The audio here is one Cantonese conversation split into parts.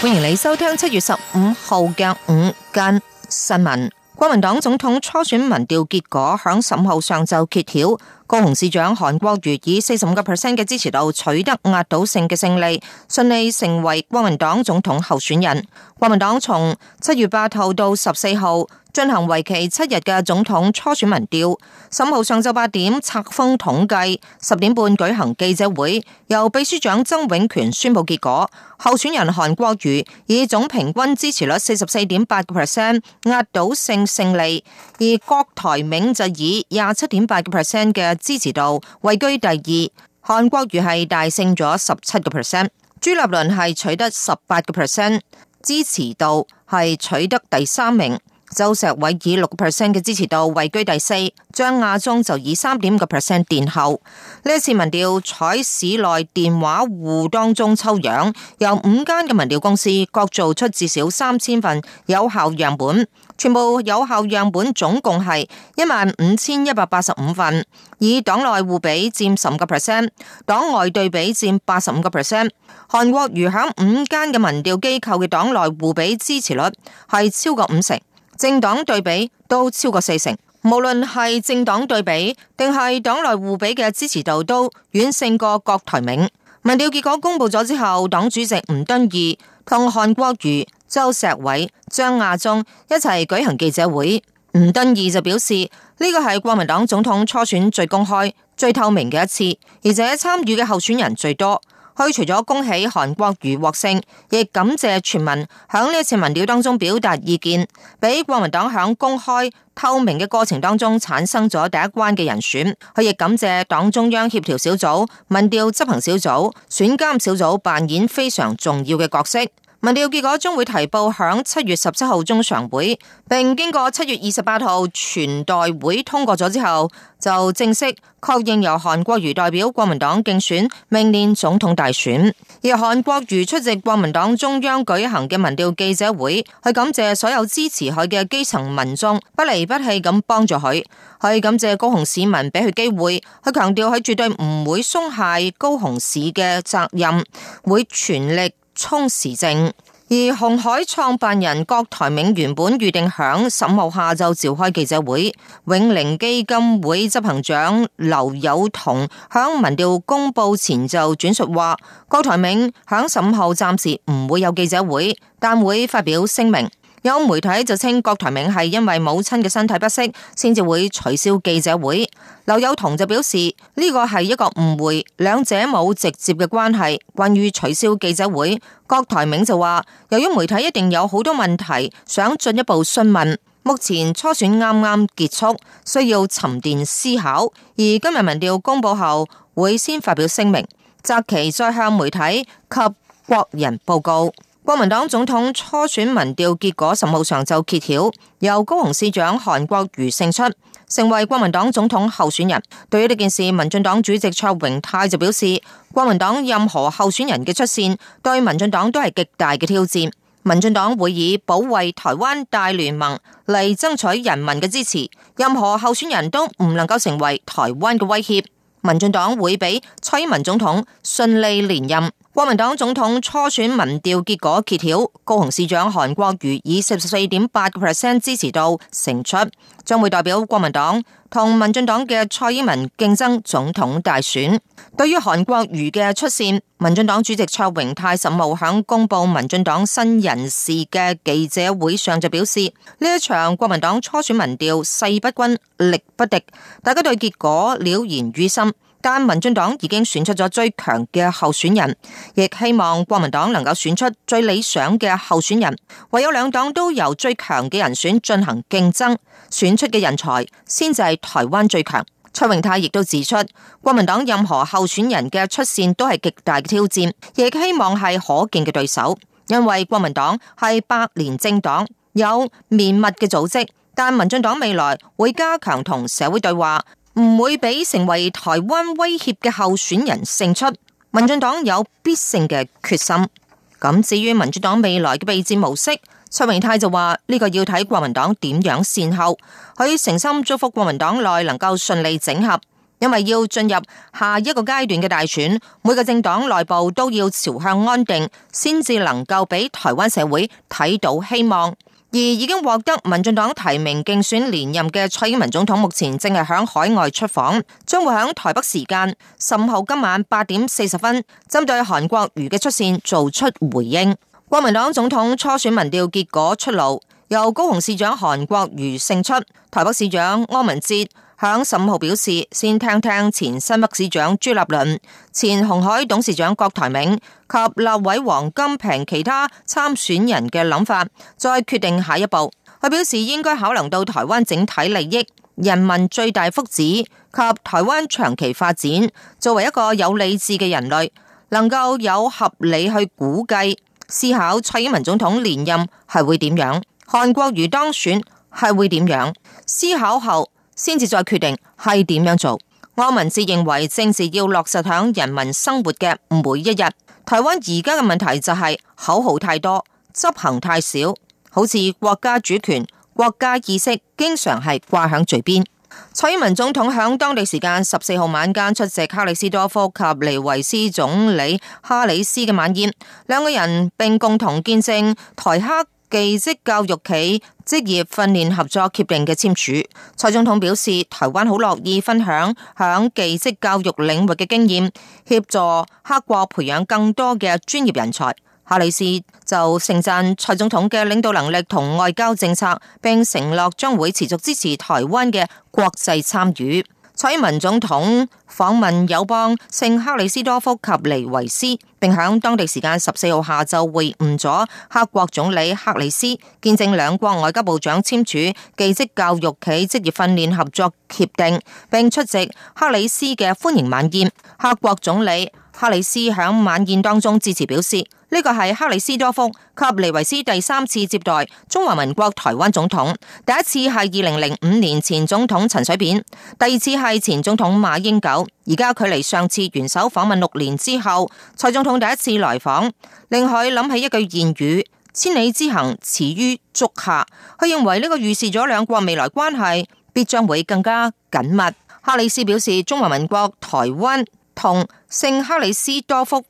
歡迎你收聽七月十五號嘅午間新聞。國民黨總統初選民調結果響十五號上晝揭曉。高雄市長韓國瑜以四十五個 percent 嘅支持度取得壓倒性嘅勝利，順利成為國民黨總統候選人。國民黨從七月八號到十四號進行為期七日嘅總統初選民調，十五號上晝八點拆封統計，十點半舉行記者會，由秘書長曾永權宣布結果。候選人韓國瑜以總平均支持率四十四點八個 percent 壓倒性勝利，而郭台銘就以廿七點八個 percent 嘅支持度位居第二，韓國瑜係大勝咗十七個 percent，朱立倫係取得十八個 percent 支持度，係取得第三名。周石偉以六個 percent 嘅支持度位居第四，張亞中就以三點五個 percent 墊後。呢一次民調採市內電話戶當中抽樣，由五間嘅民調公司各做出至少三千份有效樣本。全部有效樣本總共係一萬五千一百八十五份，以黨內互比佔十五個 percent，黨外對比佔八十五個 percent。韓國瑜響五間嘅民調機構嘅黨內互比支持率係超過五成，政黨對比都超過四成。無論係政黨對比定係黨內互比嘅支持度都遠勝過郭台銘。民調結果公布咗之後，黨主席吳敦義同韓國瑜。周石偉、張亞中一齊舉行記者會，吳敦義就表示呢個係國民黨總統初選最公開、最透明嘅一次，而且參與嘅候選人最多。佢除咗恭喜韓國瑜獲勝，亦感謝全民響呢一次民調當中表達意見，俾國民黨響公開透明嘅過程當中產生咗第一關嘅人選。佢亦感謝黨中央協調小組、民調執行小組、選監小組扮演非常重要嘅角色。民調結果將會提報響七月十七號中常會，並經過七月二十八號全代會通過咗之後，就正式確認由韓國瑜代表國民黨競選明年總統大選。而韓國瑜出席國民黨中央舉行嘅民調記者會，去感謝所有支持佢嘅基層民眾不離不棄咁幫助佢，去感謝高雄市民俾佢機會。佢強調佢絕對唔會鬆懈高雄市嘅責任，會全力衝市政，而鴻海創辦人郭台銘原本預定響十五號下晝召開記者會，永齡基金會執行長劉宥彤響民調公布前就轉述話，郭台銘響十五號暫時唔會有記者會，但會發表聲明。有媒體就稱郭台銘係因為母親嘅身體不適，先至會取消記者會。劉友彤就表示呢個係一個誤會，兩者冇直接嘅關係。關於取消記者會，郭台銘就話由於媒體一定有好多問題想進一步詢問，目前初選啱啱結束，需要沉澱思考，而今日民調公布後會先發表聲明，擇期再向媒體及國人報告。國民黨總統初選民調結果十號上就揭曉，由高雄市長韓國瑜勝出，成為國民黨總統候選人。對於呢件事，民進黨主席卓榮泰就表示，國民黨任何候選人嘅出線對民進黨都係極大嘅挑戰。民進黨會以保衛台灣大聯盟嚟爭取人民嘅支持，任何候選人都唔能夠成為台灣嘅威脅。民進黨會俾蔡文總統順利連任。國民黨總統初選民調結果揭曉，高雄市長韓國瑜以四十四點八個 percent 支持度勝出，將會代表國民黨同民進黨嘅蔡英文競爭總統大選。對於韓國瑜嘅出線，民進黨主席卓榮泰實無響公布民進黨新人事嘅記者會上就表示，呢一場國民黨初選民調勢不均，力不敵，大家對結果了然於心。但民進黨已經選出咗最強嘅候選人，亦希望國民黨能夠選出最理想嘅候選人。唯有兩黨都由最強嘅人選進行競爭，選出嘅人才先至係台灣最強。卓榮泰亦都指出，國民黨任何候選人嘅出線都係極大嘅挑戰，亦希望係可敬嘅對手。因爲國民黨係百年政黨，有綿密嘅組織，但民進黨未來會加強同社會對話。唔會俾成為台灣威脅嘅候選人勝出，民進黨有必勝嘅決心。咁至於民進黨未來嘅備戰模式，卓榮泰就話呢個要睇國民黨點樣善後，佢以誠心祝福國民黨內能夠順利整合，因為要進入下一個階段嘅大選，每個政黨內部都要朝向安定，先至能夠俾台灣社會睇到希望。而已經獲得民進黨提名競選連任嘅蔡英文總統，目前正係響海外出訪，將會響台北時間十五號今晚八點四十分，針對韓國瑜嘅出線做出回應。國民黨總統初選民調結果出爐，由高雄市長韓國瑜勝出，台北市長柯文哲。響十五號表示，先聽聽前新北市長朱立倫、前鴻海董事長郭台銘及立委王金平其他參選人嘅諗法，再決定下一步。佢表示，應該考量到台灣整體利益、人民最大福祉及台灣長期發展。作為一個有理智嘅人類，能夠有合理去估計思考蔡英文總統連任係會點樣，韓國瑜當選係會點樣。思考後，先至再決定係點樣做。柯文哲認為政治要落實響人民生活嘅每一日。台灣而家嘅問題就係口號太多，執行太少。好似國家主權、國家意識經常係掛響嘴邊。蔡英文總統響當地時間十四號晚間出席克里斯多夫及尼維斯總理哈里斯嘅晚宴，兩個人並共同見證台克。技職教育企職業訓練合作協定嘅簽署，蔡總統表示台灣好樂意分享響技職教育領域嘅經驗，協助克國培養更多嘅專業人才。哈里斯就盛讚蔡總統嘅領導能力同外交政策，並承諾將會持續支持台灣嘅國際參與。蔡英文總統。訪問友邦聖克里斯多福及尼維斯，並響當地時間十四號下晝會晤咗克國總理克里斯，見證兩國外交部長簽署技職教育暨職業訓練合作協定，並出席克里斯嘅歡迎晚宴。克國總理克里斯響晚宴當中致辭表示。呢個係克里斯多福及尼維斯第三次接待中華民國台灣總統，第一次係二零零五年前總統陳水扁，第二次係前總統馬英九，而家距離上次元首訪問六年之後，蔡總統第一次來訪，令佢諗起一句諺語：千里之行，始於足下。佢認為呢個預示咗兩國未來關係必將會更加緊密。克里斯表示，中華民國台灣同聖克里斯多福及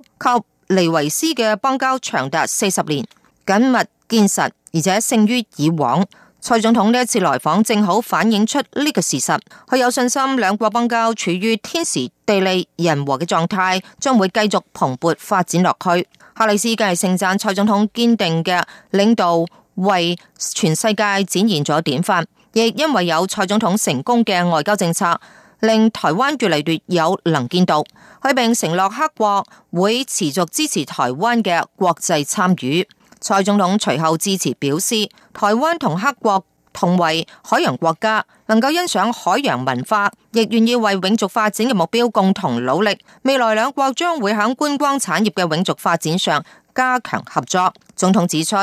尼維斯嘅邦交長達四十年，緊密堅實，而且勝於以往。蔡總統呢一次來訪，正好反映出呢個事實。佢有信心兩國邦交處於天時地利人和嘅狀態，將會繼續蓬勃發展落去。哈里斯更係盛讚蔡總統堅定嘅領導，為全世界展現咗典範。亦因為有蔡總統成功嘅外交政策。令台灣越嚟越有能見度，佢並承諾克國會持續支持台灣嘅國際參與。蔡總統隨後致辭表示，台灣同克國同為海洋國家，能夠欣賞海洋文化，亦願意為永續發展嘅目標共同努力。未來兩國將會喺觀光產業嘅永續發展上加強合作。總統指出，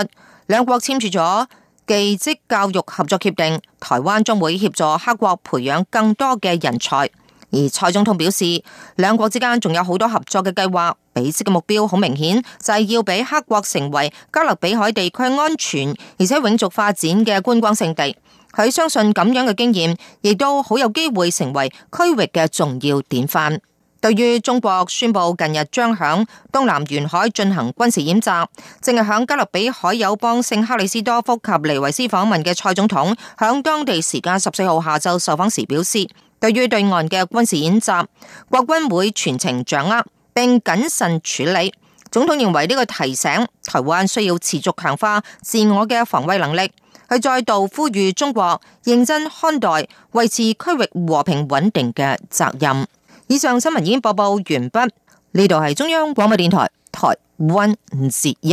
兩國簽署咗技職教育合作協定，台灣將會協助克國培養更多嘅人才。而蔡總統表示，兩國之間仲有好多合作嘅計劃。彼此嘅目標好明顯，就係要俾克國成為加勒比海地區安全而且永續發展嘅觀光勝地。佢相信咁樣嘅經驗，亦都好有機會成為區域嘅重要典範。對於中國宣布近日將響東南沿海進行軍事演習，正係響加勒比海友邦聖克里斯多福及尼維斯訪問嘅蔡總統，響當地時間十四號下晝受訪時表示，對於對岸嘅軍事演習，國軍會全程掌握並謹慎處理。總統認為呢個提醒台灣需要持續強化自我嘅防衛能力，佢再度呼籲中國認真看待維持區域和平穩定嘅責任。以上新聞已經播報報完畢。呢度係中央廣播電台，台灣之音。